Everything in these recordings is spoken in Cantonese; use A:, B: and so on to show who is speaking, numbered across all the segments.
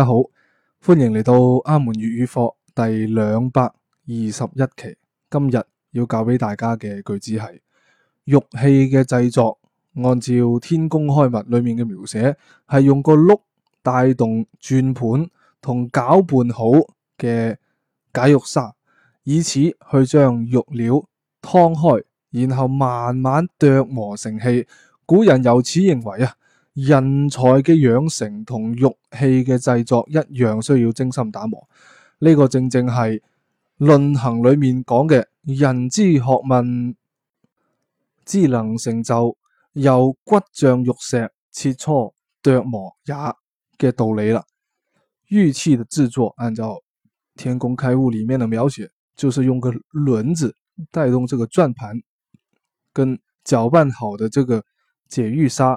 A: 大家好，歡迎嚟到阿門粵語課第兩百二十一期。今日要教俾大家嘅句子係：玉器嘅製作，按照《天工開物》裏面嘅描寫，係用個轆帶動轉盤同攪拌好嘅解玉砂，以此去將玉料劏開，然後慢慢琢磨成器。古人由此認為啊。人才嘅養成同玉器嘅製作一樣，需要精心打磨。呢、這個正正係《論衡》裏面講嘅，人之學問知能成就，由骨象玉石切磋琢磨也嘅道理啦。玉器嘅製作，按照《天工開物》裏面嘅描寫，就是用個輪子帶動這個轉盤，跟攪拌好的這個解玉砂」。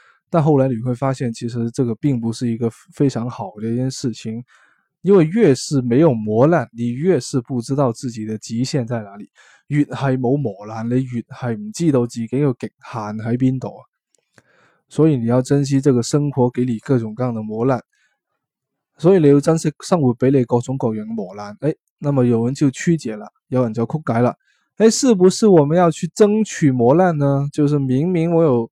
A: 但後來你會發現，其實這個並不是一個非常好的一件事情，因為越是沒有磨難，你越是不知道自己的極限在哪裏；越係冇磨難，你越係唔知道自己個極限喺邊度啊。所以你要珍惜這個生活給你各種各樣的磨難，所以你要珍惜生活俾你各種各樣磨難。哎，那麼有人就曲解了，有人就曲解了。哎，是不是我們要去爭取磨難呢？就是明明我有。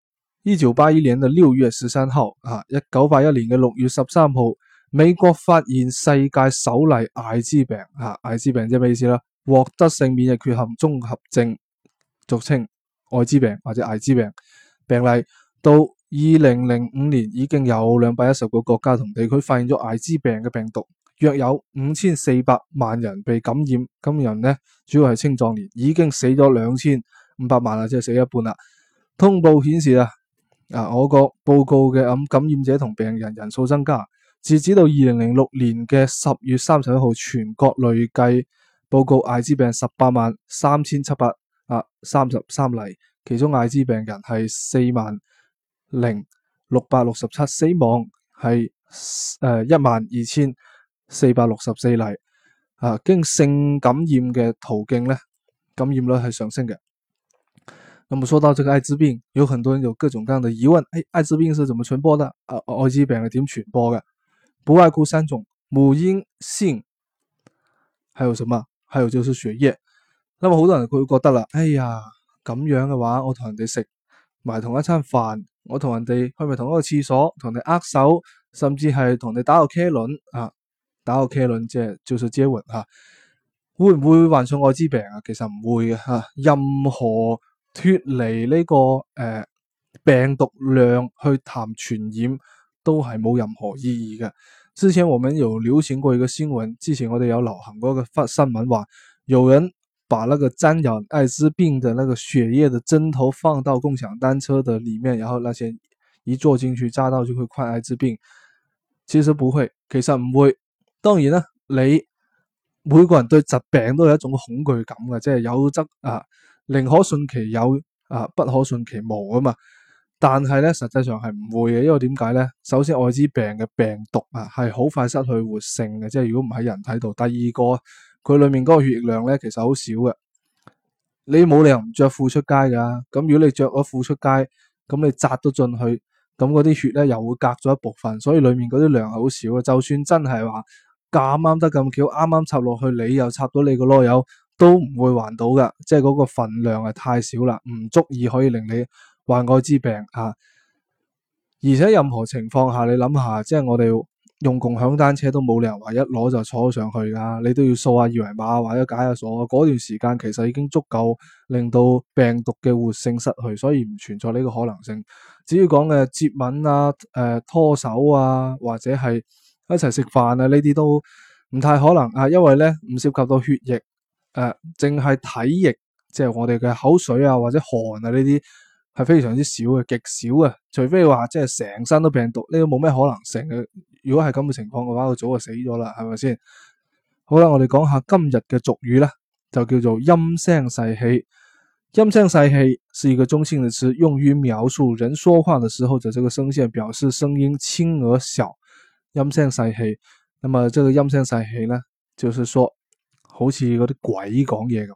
A: 一九八一年嘅六月十三號，啊，一九八一年嘅六月十三號，美國發現世界首例艾滋病，啊，艾滋病即係咩意思呢？獲得性免疫缺陷綜合症，俗稱艾滋病或者艾滋病病例，到二零零五年已經有兩百一十個國家同地區發現咗艾滋病嘅病毒，約有五千四百萬人被感染，咁人呢，主要係青壯年，已經死咗兩千五百萬啦，即係死了一半啦。通報顯示啊。啊！我個報告嘅、嗯、感染者同病人人數增加，截止到二零零六年嘅十月三十一號，全國累計報告艾滋病十八萬三千七百啊三十三例，其中艾滋病人係四萬零六百六十七，死亡係誒一萬二千四百六十四例啊。經性感染嘅途徑咧，感染率係上升嘅。咁我說到這個艾滋病，有很多人有各種各樣的疑問，誒、哎，艾滋病是怎麼傳播的？啊，艾滋病係點傳播嘅？不外乎三種，母嬰性，還有什麼？還有就是血液。咁麼好多人佢會覺得啦，哎呀，咁樣嘅話，我同人哋食埋同一餐飯，我同人哋去埋同一個廁所，同你握手，甚至係同你打個茄輪啊，打個茄輪即係就是接吻吓、啊，會唔會患上艾滋病啊？其實唔會嘅吓、啊，任何。脫離呢個誒、呃、病毒量去談傳染都係冇任何意義嘅。之前我哋有流行過一個新聞，之前我哋有流行過一個新聞話，有人把那個沾染艾滋病的那個血液的針頭放到共享單車的裏面，然後那些一坐進去揸到就會患艾滋病。其實不會，其實唔會。當然啦，你每個人對疾病都有一種恐懼感嘅，即係有則啊。寧可信其有，啊不可信其無啊嘛。但係咧，實際上係唔會嘅，因為點解咧？首先，艾滋病嘅病毒啊，係好快失去活性嘅，即係如果唔喺人體度。第二個，佢裏面嗰個血液量咧，其實好少嘅。你冇理由唔着褲出街噶，咁如果你着咗褲出街，咁你扎咗進去，咁嗰啲血咧又會隔咗一部分，所以裏面嗰啲量好少嘅。就算真係話咁啱得咁巧，啱啱插落去，你又插到你個囉柚。都唔會還到噶，即係嗰個份量係太少啦，唔足以可以令你患艾滋病，啊、而且任何情況下，你諗下，即係我哋用共享單車都冇理由話一攞就坐上去㗎，你都要掃下二維碼或者解下鎖嗰段時間，其實已經足夠令到病毒嘅活性失去，所以唔存在呢個可能性。至於講嘅接吻啊、誒、呃、拖手啊，或者係一齊食飯啊，呢啲都唔太可能啊，因為呢唔涉及到血液。誒，淨係、呃、體液，即、就、係、是、我哋嘅口水啊，或者汗啊呢啲，係非常之少嘅，極少嘅。除非話即係成身都病毒，呢、這個冇咩可能。成日如果係咁嘅情況嘅話，佢早就死咗啦，係咪先？好啦，我哋講下今日嘅俗語啦，就叫做陰聲細氣。陰聲細氣是一個中性嘅詞，用於描述人說話的時候就這個聲線，表示聲音輕而小。陰聲細氣，那麼這個陰聲細氣呢，就是說。好似嗰啲鬼講嘢咁，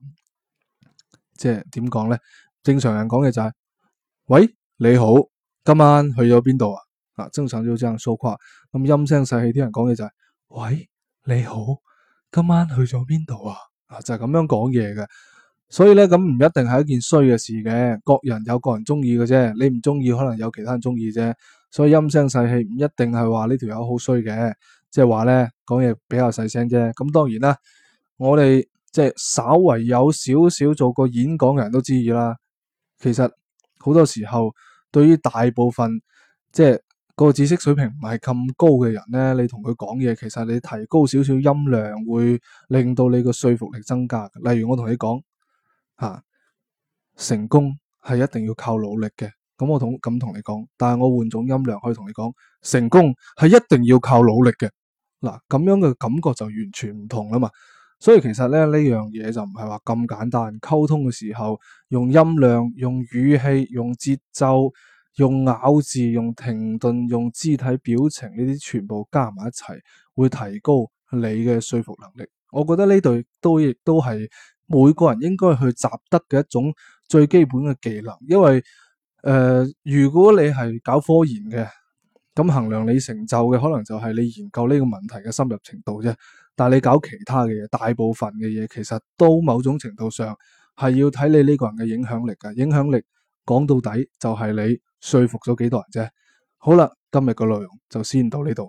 A: 即係點講呢？正常人講嘅就係、是、喂你好，今晚去咗邊度啊？啊，正常要這樣說話咁陰聲細氣、就是，啲人講嘅就係喂你好，今晚去咗邊度啊？啊，就係、是、咁樣講嘢嘅，所以呢，咁唔一定係一件衰嘅事嘅，各人有各人中意嘅啫。你唔中意，可能有其他人中意啫，所以陰聲細氣唔一定係話呢條友好衰嘅，即係話呢講嘢比較細聲啫。咁當然啦。我哋即係稍為有少少做過演講嘅人都知嘅啦。其實好多時候，對於大部分即係個知識水平唔係咁高嘅人咧，你同佢講嘢，其實你提高少少音量會令到你個說服力增加。例如我同你講吓，成功係一定要靠努力嘅。咁我同咁同你講，但係我換種音量可以同你講，成功係一定要靠努力嘅。嗱，咁樣嘅感覺就完全唔同啦嘛。所以其實咧呢樣嘢就唔係話咁簡單，溝通嘅時候用音量、用語氣、用節奏、用咬字、用停頓、用肢體表情呢啲全部加埋一齊，會提高你嘅說服能力。我覺得呢度都亦都係每個人應該去習得嘅一種最基本嘅技能，因為，呃，如果你係搞科研嘅，咁衡量你成就嘅可能就係你研究呢個問題嘅深入程度啫。但係你搞其他嘅嘢，大部分嘅嘢其實都某種程度上係要睇你呢個人嘅影響力噶。影響力講到底就係你說服咗幾多人啫。好啦，今日嘅內容就先到呢度。